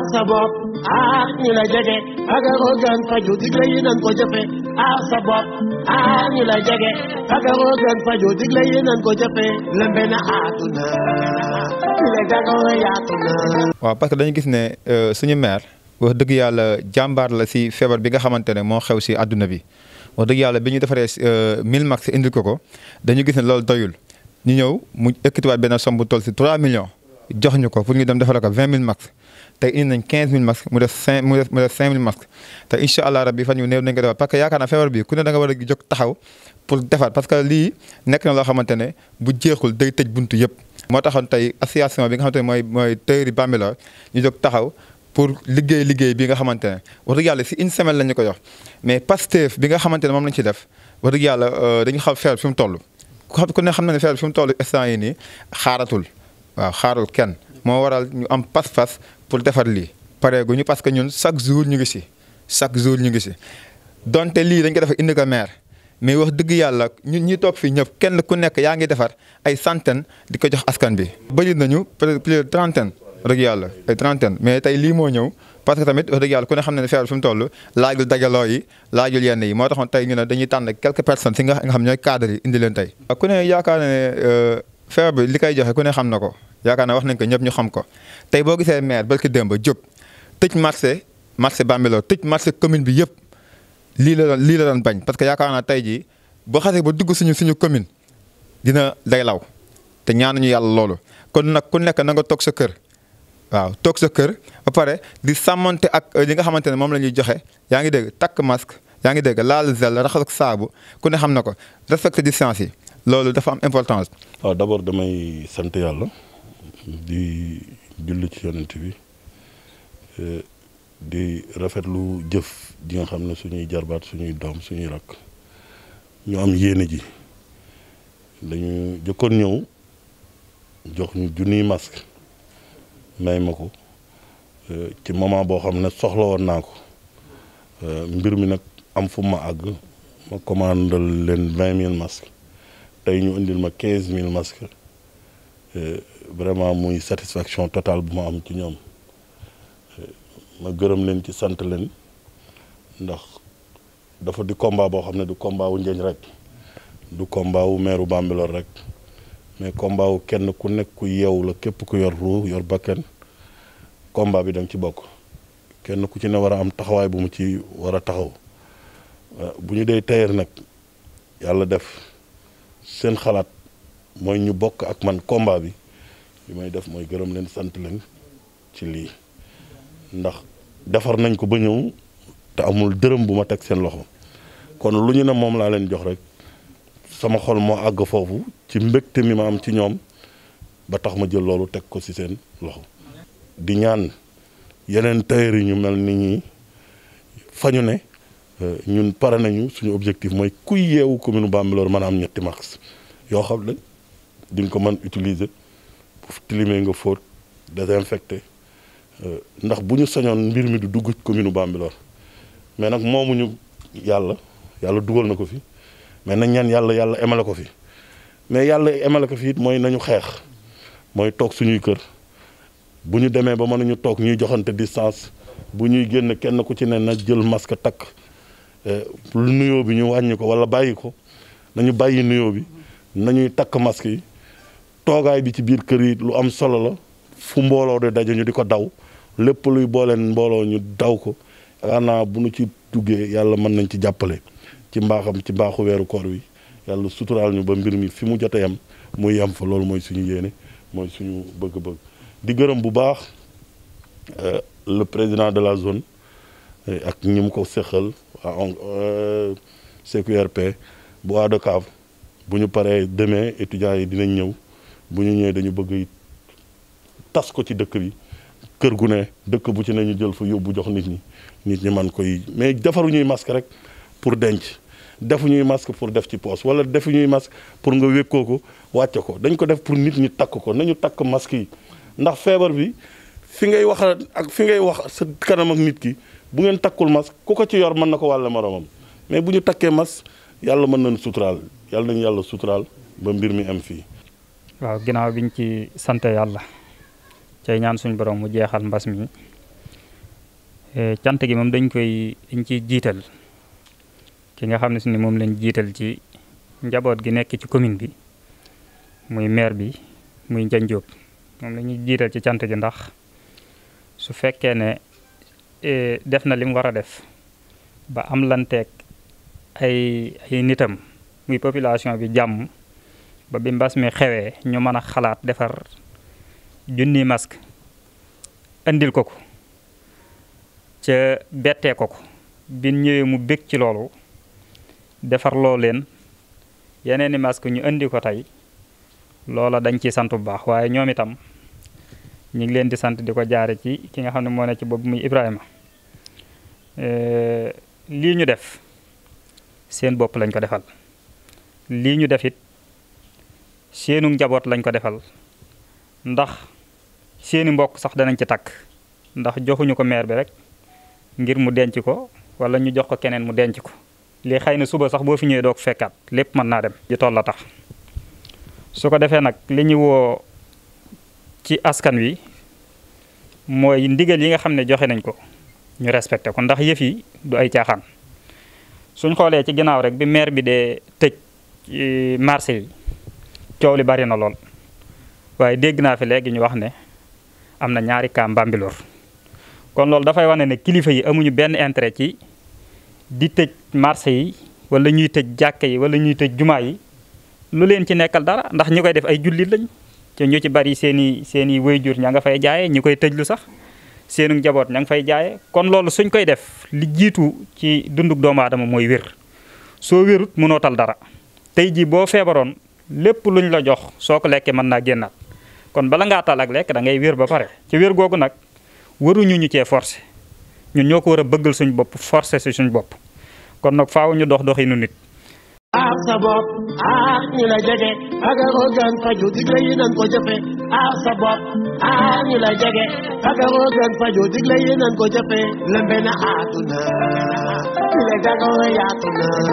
aar sa bopp aar ñi la jege agaroo gan faju digle yi nan ko jëfe aar sa bopp aar ñi la jege agaroo gan faju digle yi nan ko jëfe lëmbe na aatu na le gagoo yaatu na waaw parce que dañu gis ne euh, suñu maire wax dëgg yàlla jàmbaar la si feebar bi nga xamante ne moo xew si àdduna bi wax dëgg yàlla bi ñu defaree 1000 euh, max indil ko ko dañu gis ne loolu doyul ñu ñëw mu ekkatiwaat benn somme bu toll si 3 millions jox ñu ko pour ñu dem defal ko 20 000 max te incha allah rabbi fan yu néew nañ bi ne nga war a jóg taxaw pour defar parce na loo xamante ne bu jeexul day tëj buntu yëpp. tey association bi nga xamante ne mooy mooy tëyri Bambilor ñu jóg liggéey liggéey bi nga xamante ne wax dëgg yàlla si une ko jox mais Pastef bi nga xamante ne moom lañ ci def wax dëgg yàlla euh, dañu xam feebar fi mu toll. ku ne xam na ne feebar fi mu toll instant yii nii xaaratul waaw xaarul kenn moo waral ñu am pas-pas pour defar lii pareeguñu parce que ñun chaque jour ñu ngi si chaque jour ñu ngi si donte lii dañ ko defar indi ko maire mais wax dëgg yàlla ñun ñi toog fii ñëpp kenn ku nekk yaa ngi defar ay centaine di ko jox askan bi. bëri nañu plus de trentaine rek yàlla ay trentaine mais tey lii moo ñëw parce que tamit wax dëgg yàlla ku ne xam ne ne feebar fi toll laajul dajaloo yi laajul yenn yi moo taxoon tey ñu ne dañuy tànn quelques personnes si nga xam ñooy cadres yi indi leen tey. ku ne yaakaar ne euh, feebar koy joxe ku xam na ko. yaakaar naa wax nañ ko ñëpp ñu xam ko tey boo gisee maire barki démb Diop tëj marché marché Bambilor tëj marché commune bi yëpp lii la doon lii la doon bañ parce que yaakaar tey jii boo xasee ba dugg suñu suñu commune dina day law te ñaanuñu yàlla loolu kon nag ku nekk na nga toog sa kër waaw toog sa kër ba pare di sàmmante ak euh, li nga xamante ne moom la ñuy joxe yaa ngi dégg takk masque yaa ngi dégg laal zel raxas ak saabu ku ne xam na ko di distance yi loolu dafa am importance. waaw d'abord damay sant yàlla. di julli ci yonent bi e, di rafetlu jëf ji nga xam ne suñuy jarbaat suñuy doom suñuy rakk ñu am yéene ji dañu jëkkoon ñëw jox ñu junniy masque may ma ko e, ci moment boo xam ne soxla woon naa ko e, mbir mi nag am fu ma àgg ma commandal leen vingt mille masques tey ñu indil ma quinze mille masques vraiment muy satisfaction totale bu ma am ci ñoom ma gërëm leen ci sant leen ndax dafa di combat boo xam ne du combat wu Ndiagne rek du komba wu meeru Bambilor rek mais combat wu kenn ku nekk ku yeewu la képp ku yor ruu yor bakkan combat bi da ci bokk kenn ku ci ne war a am taxawaay bu mu ci war a taxaw euh, bu ñu dee tailleur nag yàlla def seen xalaat mooy ñu bokk ak man komba bi li may def mooy gërëm leen sant leen ci lii ndax defar nañ ko ba ñëw te amul dërëm bu ma teg seen loxo kon lu ñu ne moom laa leen jox rek sama xol moo àgg foofu ci mbégte mi ma am ci ñoom ba tax ma jël loolu teg ko si seen loxo di ñaan yeneen tailleur yi ñu mel ni ñi fa ñu ne euh, ñun pare nañu suñu objectif mooy kuy yeewu commune Bambilor mën man am ñetti max yoo xam ne di ko mën utiliser fu tilimee nga fóot désinfecté euh, ndax bu ñu soñoon mbir mi du dugg commune Bambilor mais nag moomuñu yàlla yàlla dugal na ko fi mais nañ ñaan yàlla yàlla emale ko fi mais yàlla emale ko fi it mooy nañu xeex mooy toog suñuy kër bu ñu demee ba mënuñu toog ñuy joxante distance bu ñuy génn kenn ku ci ne na jël masque takk euh, lu nuyoo bi ñu wàññi ko wala bàyyi ko nañu bàyyi nuyoo bi nañuy takk masque yi toogaay bi ci biir kër yi lu am solo la fu mbooloo de daje ñu di ko daw lépp luy booleen mbooloo ñu daw ko yaakaar naa bu nu ci duggee yàlla mën nañ ci jàppale ci mbaaxam ci mbaaxu weeru koor wi yàlla suturaal ñu ba mbir mi fi mu jot a yem muy yem fa loolu mooy suñu yéene mooy suñu bëgg-bëgg di gërëm bu baax euh, le président de la zone euh, ak ñi mu ko séqal waa on euh, CQRP bu Adocav bu ñu paree demain étudiants yi dinañ ñëw bu ñu ñëwee dañu bëgg tas ko ci dëkk bi kër gu ne dëkk bu ci ne ñu jël fa yóbbu jox nit ñi nit ñi man koy mais defaru ñuy masque rek pour denc defu ñuy masque pour def ci poos wala defu ñuy masque pour nga wékkoo ko wàcce ko dañ ko def pour nit ñi takk ko nañu takk masque yi ndax feebar bi fi ngay wax ak fi ngay wax sa kanam ak nit ki bu ngeen takkul masque ku ko ci yor mën na ko wàll moromam mais bu ñu takkee masque yàlla mën nañu suturaal yàlla nañu yàlla suturaal ba mbir mi am fii waaw ginaaw biñ ci sante yàlla cay ñaan suñ borom mu jeexal mbas mi e, cant gi moom dañ koy dañ ciy jiital ki nga xam ne su ni moom lañ jiital ci njaboot gi nekk ci commune bi muy maire bi muy Ndiagne Diop moom la jiital ci cant gi ndax su fekkee ne e, def na lim mu war a def ba am lanteeg ay ay nitam muy population bi jàmm ba bi mbas mi xewee ñu mën a xalaat defar junni masque indil ko ko ca bettee ko ko bi ñëwee mu bég ci loolu defar loo leen yeneen i masque ñu indi ko tey loola dañ ciy sant bu baax waaye ñoom itam ñu ngi leen di sant di ko jaare ci ki nga xam ne moo ne ci boobu muy Ibrahima lii ñu def seen bopp lañ ko defal lii ñu def seenu njaboot lañ ko defal ndax seeni mbokk sax danañ ci takk ndax joxuñu ko meer bi rek ngir mu denc ko wala ñu jox ko keneen mu denc ko lii xëy na suba sax boo fi ñëwee doo ko fekkaat lépp mën naa dem ji tool la tax su ko defee nag li ñuy woo ci askan wi mooy ndigal yi nga xam ne joxe nañ ko ñu respecté ko ndax yëf yi du ay caaxaan suñ xoolee ci ginnaaw rek bi maire bi dee tëj eh, marché yi coow li bari na lool waaye dégg naa fi léegi ñu wax ne am na ñaari cas Bambilor kon loolu dafay wane ne kilifa yi amuñu benn intérêt ci di tëj marché yi wala ñuy tëj jàkka yi wala ñuy tëj jumaa yi lu leen ci nekkal dara ndax ñi koy def ay jullit lañ te ñu ci bari seen i seen i wayjur ña nga fay jaaye ñi koy tëjlu sax seenu njaboot ña nga fay jaayee kon loolu suñ koy def li jiitu ci dunduk doomu aadama mooy wér soo wérut mënoo tal dara tey jii boo lépp luñ la jox soo ko lekkee mën naa génnaat kon bala ngaa taal ak lekk da ngay wér ba pare ci wér googu nag waruñu ñu cee forcé ñun ñoo ko war a bëggal suñ bopp force si suñ bopp kon nag faaw ñu dox doxinu nit. aar sa bopp aar ñi la jege agaroo gan faju digle yi nan ko jëfe sa bopp aar ñi la jege agaroo gan faju digle yi nan ko jëfe lembe na aatuna dile gagoo yaatuna